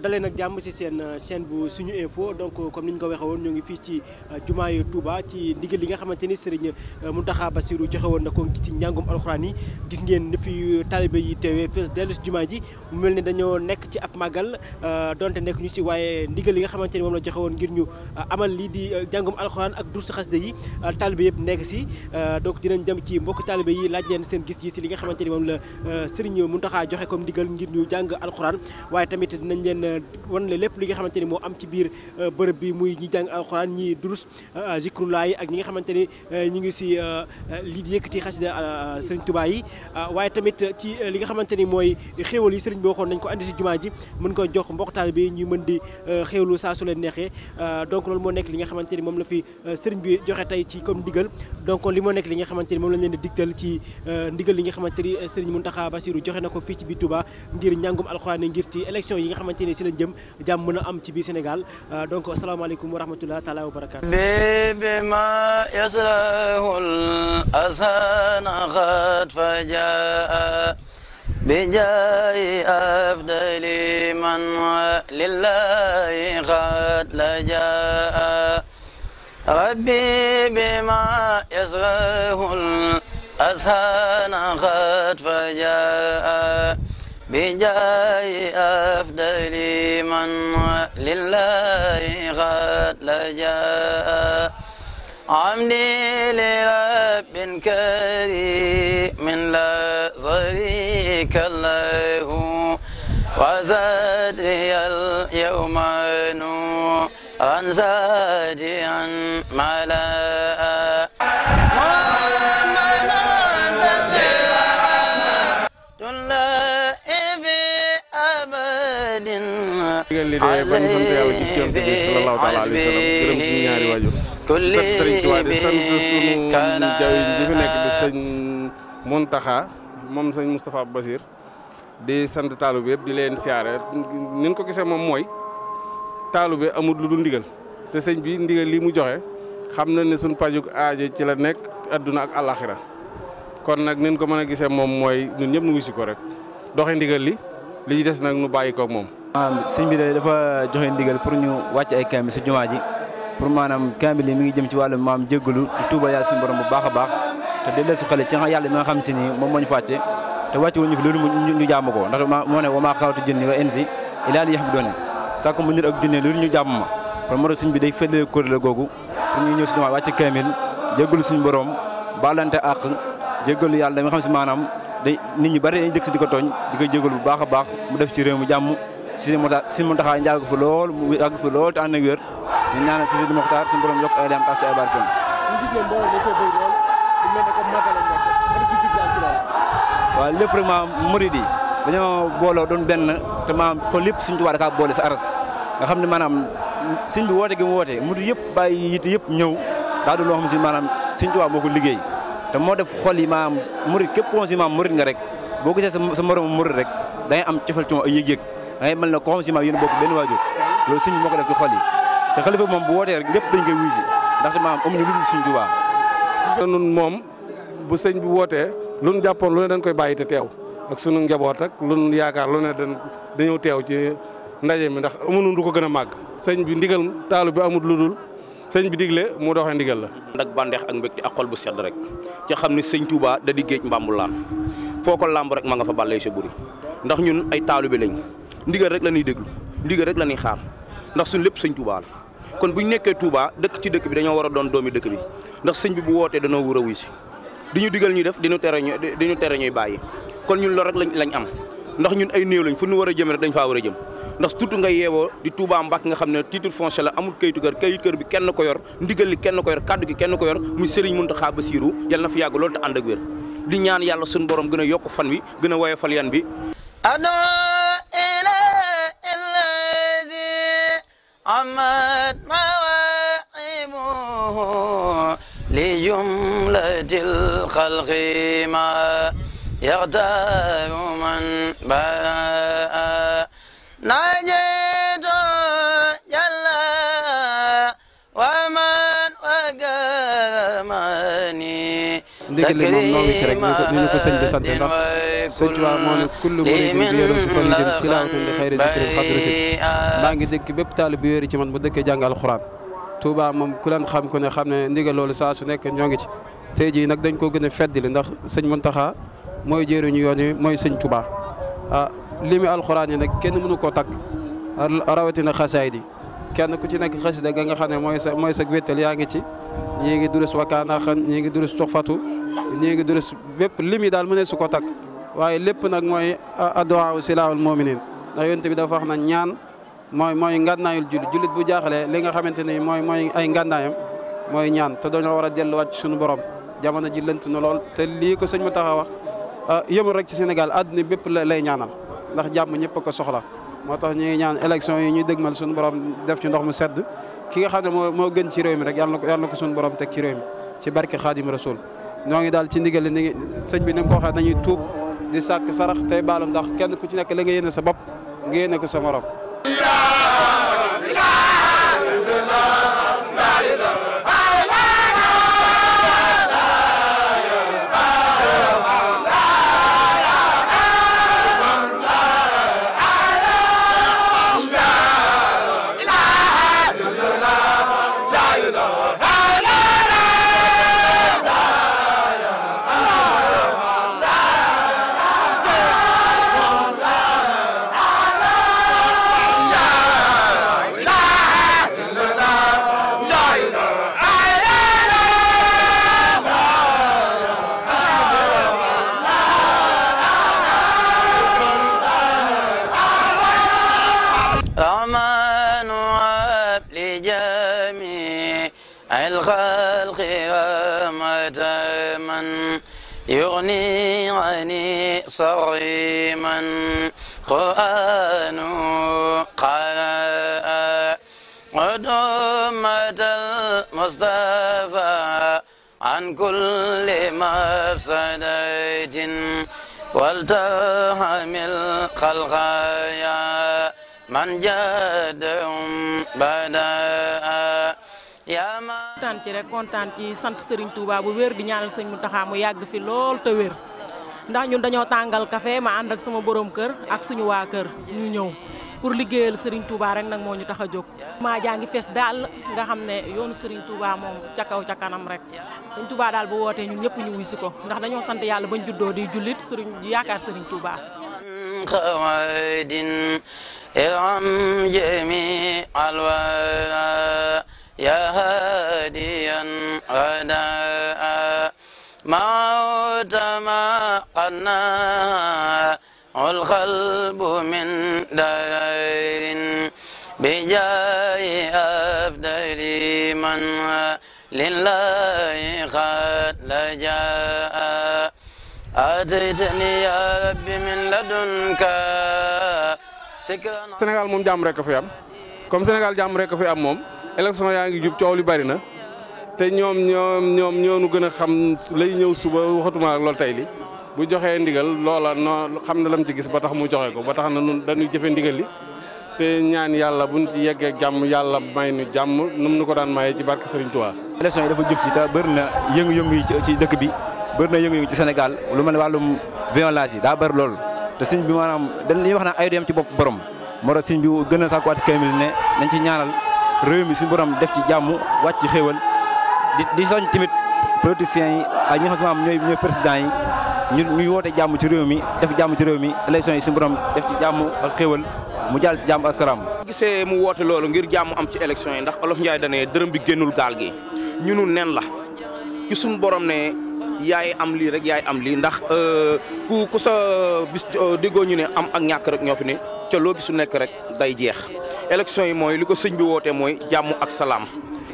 dalee nag jàmm ci seen euh, chaîne bu suñu info donc euh, comme ni ñu ko waxee woon ñoo ngi fii ci euh, jumaayu Touba ci ndigal li nga xamante ni Serigne Mountakha Bassirou joxe woon na ko ci njàngum alxuraan yi gis ngeen ni fi taalibe yi teewee fees dellu ci jumaa ji mu mel ni dañoo nekk ci ab màggal donte nekk ñu ci waaye ndigal li nga xamante ni moom la joxe woon ngir ñu amal lii di njàngum alxuraan ak dursu xasida yi taalibe yëpp nekk ci donc dinañ dem ci mbokk taalibe yi laaj leen seen gis-gis li nga xamante ni moom la Serigne Mountakha joxe comme ndigal ngir ñu jàng alxuraan waaye tamit dinañ leen Euh, wan la lépp li nga xamante ni moo am ci biir euh, bërëb bi muy ñi jàng alxuraan ñi durus euh, nga xamante ni ñu ngi si lii di yëkkati xasida sëriñ Tuubaa yi waaye tamit ci li nga xamante ni mooy xéewal yi sëriñ bi waxoon nañ ko andi si jumaa ji mën ko jox mboqtaal bi ñu mën di xéewlu saa su leen neexee donc loolu moo nekk li nga xamante ni moom la fi sëriñ bi joxe tey ci comme ndigal donc li moo nekk li nga xamante ni moom lañ leen di digtal ci ndigal li nga xamante ni sëriñ Muntaxa Basiru joxe na ko fii ci biir Tuubaa ngir njàngum alxuraan ngir ci élection yi nga xamante si lañ jëm jàmm mën a am ci biir Sénégal euh, donc asalaamaaleykum wa rahmatulah taalaa wa barakaatu. بما يسره الأسان قد فجاء بجاه أفضل من لله قد لجاء ربي بما يسره الأسان قد فجاء بجاه أفضل تدري من لله قد لجأ عمدي لرب كريم لا شريك له وزادي اليوم نورا زاديا ملأ digal li ba ñu sant yàlla ci cont wa sallam gërëm suñu ñaari waajur sant sëriñ Tuubaa di sant suñu fi nekk di sëñ Muntaxa moom sëñ Moustapha Basir di sant taalu bi yëpp di leen siyaare ni ñu ko gisee moom mooy taalu bi amul lu dul ndigal te sëñ bi ndigal li mu joxe xam na ne suñ pajuk aajo ci la nekk àdduna ak àlaxira kon nag nin ko mën a gisee moom mooy ñun ñëpp nu wisi ko rek doxe ndigal li li des nag nu bàyyi koog moom maanaam sëñ bi de dafa joxe ndigal pour ñu wàcc ay kaamil si jumaa ji pour maanaam kaamil yi mi ngi jëm ci wàllu maam jéggalu di tuubal yàlla suñu borom bu baax a baax te delloo si xale ci yàlla mi nga xam si ni moom moo ñu fàcce te wàcce wuñu fi loolu ñu jàmm ko ndax moo ne wa maa xawatu junni wa ñu jàmm ma kon moro sëñ bi day fële kuréel googu pour ñu ñëw si jumaa wàcc kaamil jéggalu suñu borom baalante àq jéggalu yàlla mi nga xam si maanaam day nit ñi bari dañ dëkk si di ko tooñ di ko jéggalu bu baax a baax mu def Sidi Mokhtar Sidi Mokhtar ñu fi lool mu yàgg lool te ànd ak wér ñu ñaanal Sidi Mokhtar suñu borom yokk ay dem tas ay booloo doon benn te maam kon lépp suñu Tuubaa sa nga xam ne maanaam sëñ bi woote gi woote murid yëpp bàyyi yitte yëpp ñëw daa doon loo si maanaam sëñ Tuubaa moo ko liggéey te moo def xol yi maam murid képp koo si maam murid nga rek boo gisee sa sa moromu rek da am cofal ci moom ay yëg da ngay mel ne koo xam si maam boo bokk benn waajur loolu sëñ bi moo ko def ci xol te xalifa moom bu wootee rek ñëpp dañ koy wuyu si ndax maam amuñu lu dul sëñ moom bu sëñ bi wootee lu nu jàppoon dañ koy bàyyi te teew ak sunu njaboot ak lu nu ne dañ dañoo teew ci ndaje mi ndax amuñu du ko gën a màgg sëñ bi ndigal taalu bi amul lu dul sëñ bi digle mu doxee ndigal la. ànd bandeex ak mbégte ak xol bu sedd rek ci xam ni sëñ Tuubaa da di géej mbàmbulaan foo ko làmb rek ma nga fa bàllee sa buri ndax ñun ay taalu bi lañ ndigal rek la ñuy déglu ndigal rek la ñuy xaar ndax suñ lépp sëñ Touba la kon buñ nekkee Touba dëkk ci dëkk bi dañoo war a doon doomi dëkk bi ndax sëñ bi bu wootee danoo wur a wuy si di ñu digal ñuy def diñu tere ñu diñu tere ñuy bàyyi kon ñun loolu rek lañ lañ am ndax ñun ay néew lañ fu nu war a jëm rek dañ faa war a jëm ndax tuuti nga yeewoo di Touba Mbacke nga xam ne titre foncier la amul kayitu kër kayitu kër bi kenn ko yor ndigal li kenn ko yor kaddu gi kenn ko yor muy Serigne Mountakha Bassirou yàlla na fi yàgg gën yokk fan wi gën a woyofal yan bi عمت مواعبه لجملة الخلق ما يغتاب من باء نجد جل ومن وقامني تكريما sëñ Tuubaa moo ne kullu muridin bi yoroon si faridin tilaawatan li xayri zikrin xadrisi maa ngi dëkk bépp taal bi wéeri ci man bu dëkkee jàng alxuraan Touba moom ku leen xam ku ne xam ne ndigal loolu saa su nekk ñoo ngi ci tey ji nag dañ ko gën a feddali ndax sëñ Muntaxa mooy jëriñu yoon yi mooy sëñ Touba ah li mu alxuraan yi nag kenn mënu koo takk a rawatina xasaay di kenn ku ci nekk xasida ga nga xam ne mooy sa mooy sa wéttal yaa ngi ci ñii ngi durus wakaana xan ñii ngi durus coxfatu ñii ngi durus bépp lim daal mu su ko takk waaye lépp nag mooy adduwaaw silaahul muminin ndax yonent bi dafa wax na ñaan mooy mooy ngànnaayul jullit jullit bu jaaxlee li nga xamante ni mooy mooy ay ngànnaayam mooy ñaan te dañoo war a delluwaat ci suñu borom jamono ji lënt na lool te lii ko sëñ mu taxa wax yëmul rek ci Sénégal àdduna bépp lay ñaanal ndax jàmm ñëpp a ko soxla moo tax ñu ngi ñaan élection yi ñuy dëgmal suñu borom def ci ndox mu sedd ki nga xam ne moo moo gën ci réew mi rek yàlla na ko yàlla ko suñu borom te ci réew mi ci barke Xaadim Rasul ñoo ngi sëñ bi ni mu ko waxee di sàkk sarax tey baalum ndax kenn ku ci nekk la nga yéene sa bopp nga yéene ko sa morom يغني عني صري من قرآن قال قدمة المصطفى عن كل مفسدة والتهم الخلق يا من جادهم بدأ يا من kontaan ci rek kontaan ci sant Serigne Touba bu wér di ñaanal sëñ Mountakha mu yàgg fi lool te wér ndax ñun dañoo tàngal café ma ànd ak sama borom kër ak suñu waa kër ñu ñëw pour liggéeyal Serigne Touba rek nag moo ñu tax a jóg. ma jaa ngi fees daal nga xam ne yoonu Serigne Touba moom ca kaw ca kanam rek Serigne Touba daal bu wootee ñun ñëpp ñu wuy si ko ndax dañoo sant yàlla bañ juddoo di jullit Serigne yaakaar Serigne Touba. خواد إرم جميع يا هاديا غداء موت ما قنا القلب من دين بجاه أفضل من لله قد لجاء أتيتني يا ربي من لدنك سكرا Sénégal moom jàmm rek a fi am comme Sénégal jàmm rek a fi am moom élection yaa ngi jub coow li bari na te ñoom ñoom ñoom ñoonu gën a xam lay ñëw suba waxatuma ak loolu tey li bu joxee ndigal loola noo xam na lam ci gis ba tax mu joxe ko ba tax na nun dañuy jëfe ndigal li te ñaan yàlla bu ci yeggee jàmm yàlla may nu jàmm num nu ko daan maye ci barke Serigne Touba. élection yi dafa jub si te bëri na yëngu-yëngu yi ci dëkk bi bëri na yëngu-yëngu ci Sénégal lu mel ne wàllum violence yi daa bëri lool te sëñ bi maanaam dañuy wax naan ay dem ci bopp borom réew mi si borom def ci jàmm wàcc xéwal di di soñ tamit politiciens yi ak ñi nga ñooy ñooy présidents yi ñu ñuy woote jàmm ci réew mi def jàmm ci réew mi élection yi si borom def ci jàmm ak xéwal mu jaal ci jàmm ak salaam. gisee mu woote loolu ngir jàmm am ci élection yi ndax olof Ndiaye da dërëm bi génnul gaal gi ñunu nen la ci suñu ne. yaay am lii rek yaay am lii ndax euh, ku sa bis euh, déggoo ñu ne am ak ñàkk rek ñoo fi ne ca loo gisu nekk rek day jeex élection yi mooy li ko sëñ bi woote mooy jàmm ak salaam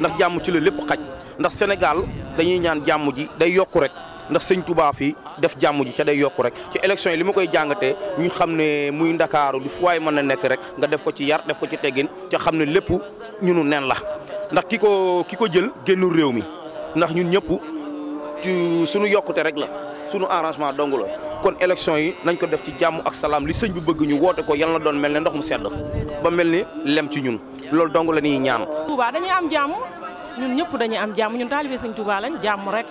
ndax jàmm ci la lépp xaj ndax Sénégal dañuy ñaan jàmm ji day yokku rek ndax sëñ Touba fii def jàmm ji ca day yokku rek ci élection yi li ma koy jàngatee ñu xam ne muy ndakaaru di fu waay mën na nekk rek nga def ko ci yar def ko ci teggin ca xam ne lépp ñunu nen la ndax ki ko ki ko jël génnul réew mi ndax ñun ñëpp ci sunu yokkute rek la sunu arrangement dong la kon élection yi nañ ko def ci jàmm ak salaam li sëñ bi bëgguñu ñu woote ko yàlla na doon mel ne ndox mu sedd ba mel ni lem ci ñun loolu dong la ñuy ñaan. Touba dañuy am jàmm ñun ñëpp dañuy am jàmm ñun taalibe sëñ lañ jàmm rek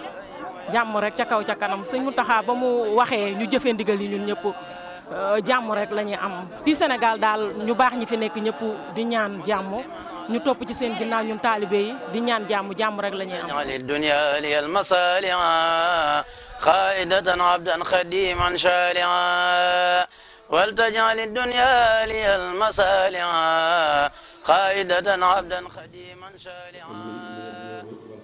jàmm rek ca kaw ca kanam sëñ Mountakha ba mu waxee ñu jëfee ndigal yi ñun ñëpp euh, jàmm rek lañuy am fii Sénégal daal ñu baax ñi fi nekk ñëpp di ñaan jàmm. ñu topp ci seen ginnaaw ñun taalibe yi di ñaan jàmm jàmm rek la ñuy am قائدة عبدا خديما شارعا ولتجعل الدنيا لي المسالعا قائدة عبدا خديما شارعا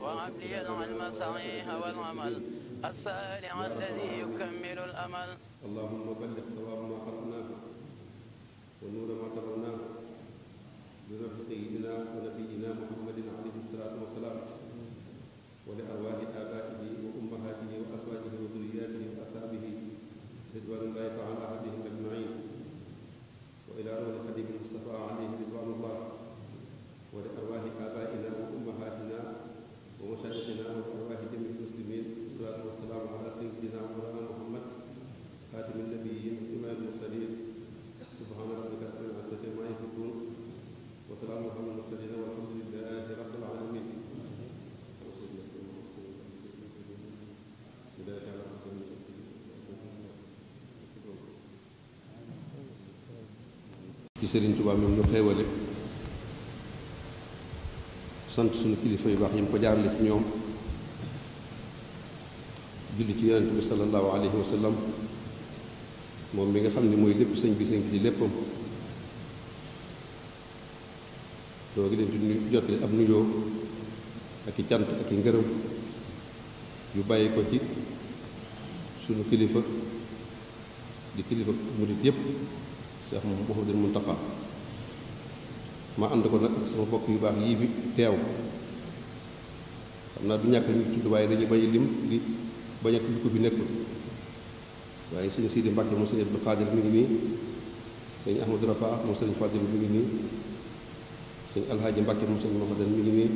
وعبدي العلم صحيح والعمل السالع الذي يكمل الأمل اللهم بلغ ثواب ما قرأناه ونور ما تروناه بروح سيدنا ونبينا محمد عليه الصلاة والسلام ولأرواح آبائنا ci sëriñ tubaab moom ñu xéewale sant suñu kilifa yu baax yi mu ko jaarale ci ñoom julli ci yonent bi moom mi nga xam ne mooy lépp sëñ bi sëñ bi di léppam doo ngi leen di jotale ab nuyoo ak i cant ak i ngërëm yu bàyyi ko ci sunu kilifa di kilifa murit yépp Cheikh Mouhamadul Mountakha ma ànd ko nag ak sama bokk yu baax yii bi teew xam naa du ñàkk ñu tudd waaye dañuy bañ a lim di bañ a tudd ko fi nekkul waaye sëñ Sidi Mbàkke moom sëñ Abdou Xaadir mi ngi nii sëñ Ahmadou Rafa moom sëñ Fadil mi ngi nii sëñ Alhaaji Mbàkke moom sëñ Mouhamadan mi ngi nii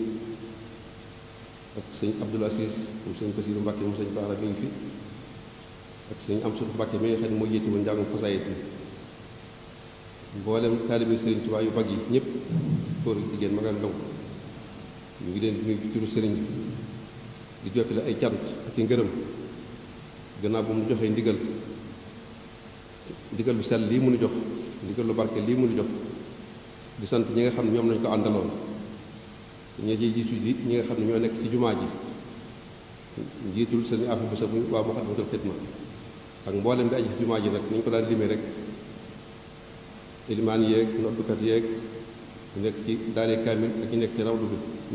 ak sëñ Abdoul Aziz moom sëñ Basiiru Mbàkke moom sëñ Baara mi ngi fi ak sëñ Amsatu Mbàkke mi nga xam ne moo yéete woon njàngum xasaayit mboolem taalibe sëriñ Tuubaa yu mag yi ñëpp góor ak jigéen mag ak ndaw ñu ngi leen di nuyu turu bi di jottale ay cant ak i ngërëm gannaaw bu mu joxee ndigal ndigal lu sell lii mënu jox ndigal lu barke lii mënu jox di sant ñi nga xam ne ñoom lañu ko àndaloon ñee ci jiitu ji ñi nga xam ne ñoo nekk ci jumaa ji njiitul sëriñ Afi Busa bu waa Muxaddamatul Xidma ak mboolem bi aji ci jumaa ji nag ni ñu ko daan limee rek ilimaan yeeg noddukat yeeg ñu nekk ci daane kaamil ak ñu nekk ci raw bi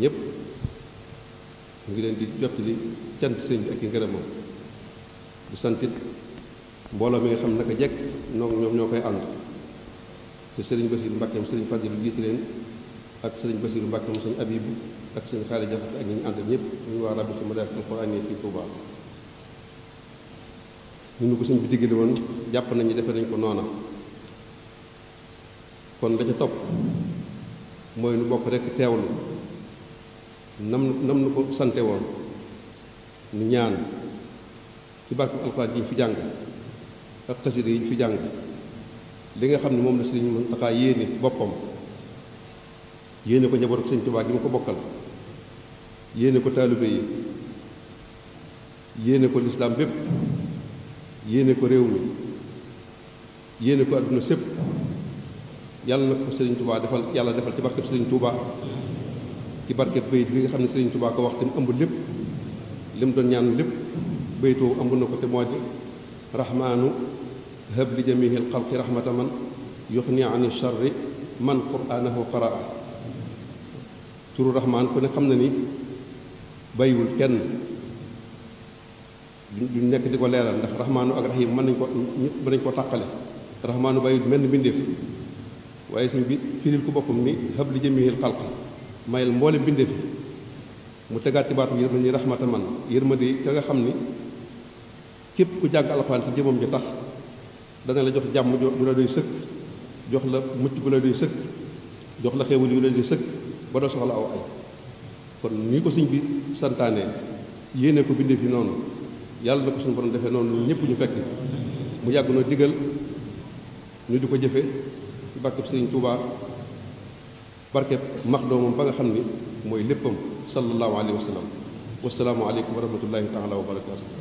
ñëpp ñu ngi leen di jottali cant sëñ bi ak i ngërëmam du santit mbooloo mi nga xam naka jekk noog ñoom ñoo koy ànd te sëriñ basiru mbàkkeem sëriñ fàdilu jiite leen ak sëriñ basiru mbàkkeem sëñ abibu ak sëñ xaali jaxate ak ñi ñu àndal ñëpp ñu waa rabbi sama daas alxuraan yi fii Tuubaa ñu nu ko sëñ bi diggale woon jàpp nañu defe nañ ko noona kon la ca topp mooy nu bokk rekk teewlu nam nam nu ko sante woon nu ñaan ci barke alxuraan ji fi jàng ak xasida yi fi jàng li nga xam ne moom la Sëriñ Muntaxaa yéene boppam yéene ko njabootu Sëriñ Tuubaa gi mu ko bokkal yéene ko taalibe yi yéene ko lislaam bépp yéene ko réew mi yéene ko àdduna sépp yàlla na ko Serigne Touba defal yàlla defal ci barkeb Serigne Touba ci barkeb bayit bi nga xam ne Serigne Touba ko wax te mu ëmb lépp li mu doon ñaan lépp baytoo ëmb na ko te moo di rahmaanu hab li jamihil xalqi rahmata man yuxni ani charri man qur'aanahu qaraa turu rahmaan ku ne xam na ni bàyyiwul kenn du nekk di ko leeral ndax rahmaanu ak rahim mën nañ ko mën nañ koo tàqale rahmaanu bàyyiwul mel ni mbindeef waaye suñ bi firil ku boppam ni xab li jëmihil xalq mayel mboole bindee fi mu tegaat ci baatu yër ma ni raxmata man ma de ka nga xam ni képp ku jàng alxuraan ci jëmam ji tax dana la jox jàmm ju la doy sëkk jox la mucc gu la doy jox la xéewal yu la doy sëkk ba doo soxla aw ay kon nii ko siñ bi santaane yéene ko bindee fi noonu yàlla na ko suñu borom defee noonu ñëpp ñu fekk mu yàgg noo digal ñu di ko jëfe ci barkeb sëriñ Touba barkeb max doomam ba nga xam ni mooy léppam sallallahu alayhi wa sallam wasalaamu aleykum wa rahmatullahi taala wa barakatu